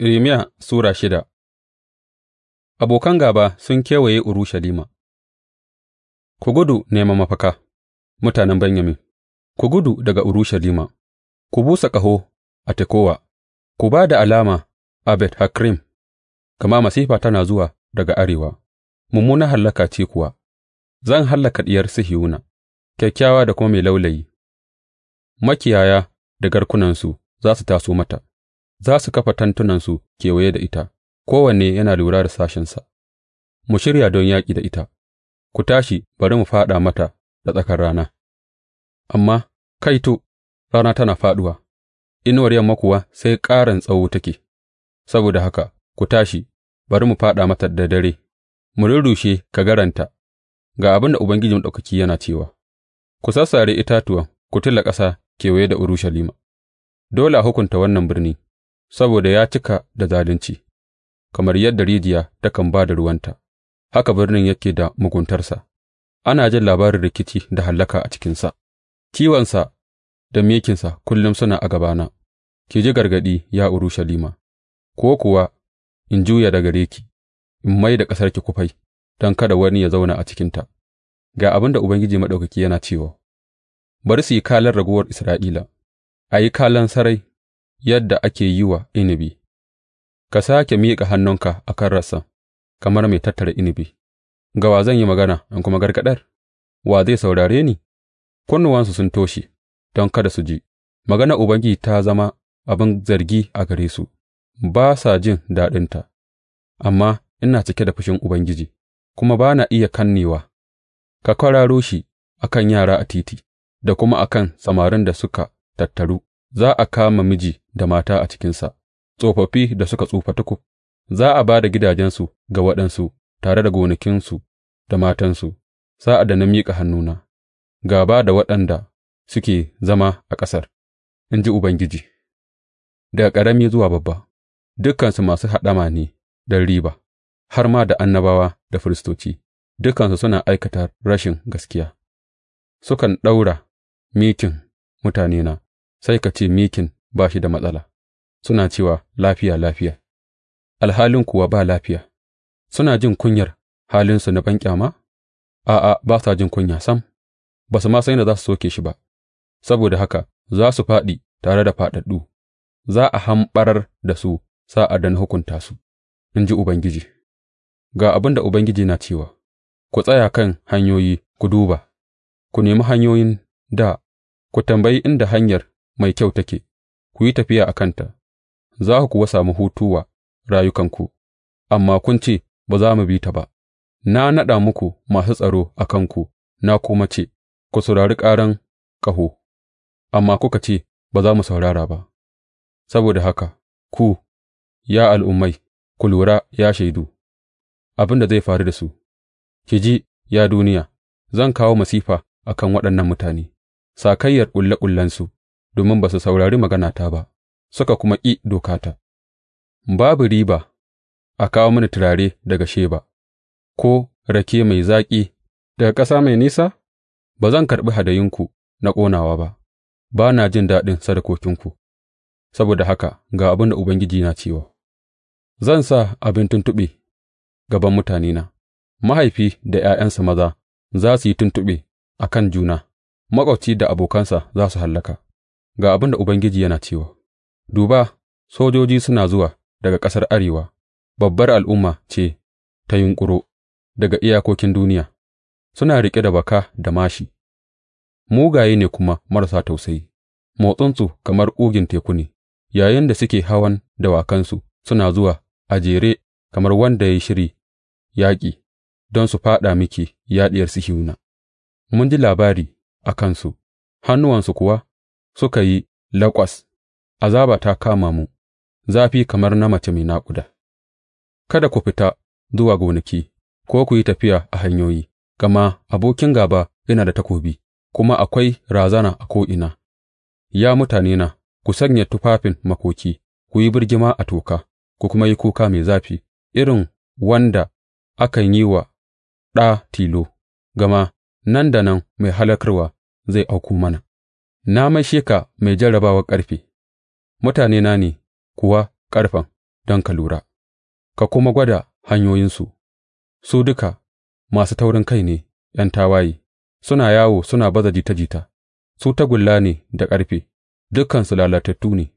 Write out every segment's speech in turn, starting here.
Irmiya Sura shida Abokan gaba sun kewaye Urushalima Ku gudu neman mafaka, mutanen Benyamin, ku gudu daga Urushalima, ku busa ƙaho a Tekowa, ku ba da alama a Bet Hakrim, gama masifa tana zuwa daga arewa, mummunan hallaka ce kuwa, zan hallaka ɗiyar Sihiyuna, kyakkyawa da kuma mai laulayi, makiyaya da garkunansu za su taso mata. za su kafa tentunansu kewaye da ita, kowanne yana lura da sashensa, mu shirya don yaƙi da ita, ku tashi bari mu fāɗa mata da tsakar rana, amma kai to, rana tana faɗuwa, inuwar yamma kuwa sai ƙaran tsawo take, saboda haka ku tashi, bari mu fāɗa mata da dare, mu rurrushe kagaranta, ga abin da Ubangiji Maɗaukaki yana cewa, Ku sassare itatuwan, ku tilla ƙasa kewaye da Urushalima, dole a hukunta wannan birni. saboda ya cika da zalunci, kamar yadda rijiya takan ba da ruwanta, haka birnin yake da muguntarsa, ana jin labarin rikici da hallaka a cikinsa, ciwonsa da mikinsa kullum suna a gabana, ki ji gargaɗi, ya Urushalima, ko kuwa in juya da gare ki, in mai da ƙasar ki kufai, don kada wani ya zauna a cikinta. Ga abin da Ubangiji Maɗaukaki yana cewa, Bari su yi kalan raguwar Isra'ila, a yi kalan sarai yadda ake yi wa inabi, ka sake miƙa hannunka a kan rassan, kamar mai tattara inabi, ga wa zan yi magana in kuma gargaɗar, wa zai saurare ni? Kunnuwansu sun toshe don kada su ji, Magana Ubangiji ta zama abin zargi a gare su, ba sa jin daɗinta, amma ina cike da fushin Ubangiji, kuma ba na iya kannewa, ka kwararo shi a kan yara a titi da kuma a kan samarin da suka tattaru za a kama miji da mata a cikinsa, tsofaffi da suka tsufa tukub, za a ba da gidajensu ga waɗansu tare da gonakinsu da matansu, sa'ad da na miƙa hannuna, Gaba da waɗanda suke zama a ƙasar, in ji Ubangiji, daga ƙarami zuwa babba, dukansu masu haɗama ne don riba, har ma da annabawa da firistoci, dukansu suna aikata rashin gaskiya, sukan ɗaura mikin mutanena sai ka ce mikin ba shi da matsala, suna cewa lafiya lafiya, alhalin kuwa ba lafiya, suna jin kunyar halinsu na banƙyama? A'a, ba sa jin kunya sam, ba su ma san yadda za su soke shi ba, saboda haka za su faɗi tare da faɗaɗɗu, za a hamɓarar da su sa'ad da na hukunta su, in ji Ubangiji. Ga abin da Ubangiji na cewa, Ku tsaya kan hanyoyi ku duba, ku nemi hanyoyin da, ku tambayi inda hanyar mai kyau take, ku yi tafiya a kanta, za ku kuwa sami hutu wa rayukanku, amma kun ce, Ba za mu bi ta ba, na naɗa muku masu tsaro a kanku, na kuma ce, Ku saurari ƙaran ƙaho, amma kuka ce, Ba za mu saurara ba, saboda haka, ku, ya al'ummai, ku lura, ya shaidu, abin da zai faru da su, ki ji, ya duniya, zan kawo masifa a kan waɗannan mutane, sakayyar ƙulle-ƙullensu. domin ba su saurari maganata ba suka kuma ƙi dokata. Babu riba a kawo mini turare daga Sheba, ko rake mai zaƙi daga ƙasa mai nisa? Ba zan karɓi hadayinku na ƙonawa ba, ba na jin daɗin sadakokinku, saboda haka ga abin da Ubangiji na cewa, Zan sa abin tuntuɓe gaban mutanena, mahaifi da ’ya'yansa maza za su yi tuntuɓe a kan juna, maƙwabci da abokansa za su hallaka. Ga abin da Ubangiji yana cewa, Duba, sojoji suna zuwa daga ƙasar arewa, babbar al'umma ce ta yunƙuro daga iyakokin duniya, suna riƙe da baka da mashi. mugaye ne kuma marasa tausayi, motsinsu kamar ƙugin teku ne, da suke hawan dawakansu suna zuwa a jere kamar wanda ya yi shiri yaƙi don su faɗa miki, yaɗiyar su hiwuna Mun ji labari a kansu, hannuwansu kuwa suka yi laƙwas, azaba ta kama mu, zafi kamar na mace mai naƙuda. Kada ku fita zuwa gonaki ko ku yi tafiya a hanyoyi, gama abokin gaba yana da takobi, kuma akwai razana a ko'ina. Ya mutanena, ku sanya tufafin makoki, ku yi birgima a toka, ku kuma yi kuka mai zafi, irin wanda akan yi wa ɗa tilo, gama nan da nan mai halakarwa zai auku mana. Na maishe ka mai jarrabawar ƙarfe, mutanena ne kuwa ƙarfen don ka lura ka kuma gwada hanyoyinsu; su duka masu kai ne ’yan tawaye, suna yawo suna baza jita jita, su tagulla ne da ƙarfe, dukansu lalatattu ne,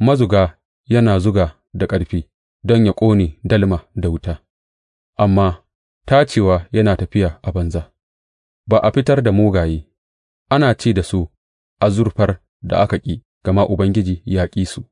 mazuga yana zuga da ƙarfi don ya ƙone dalma da wuta, amma tacewa yana tafiya a banza; ba a fitar da mugaye, ana ce da su. azurfar da aka ƙi, gama Ubangiji ya ƙi su.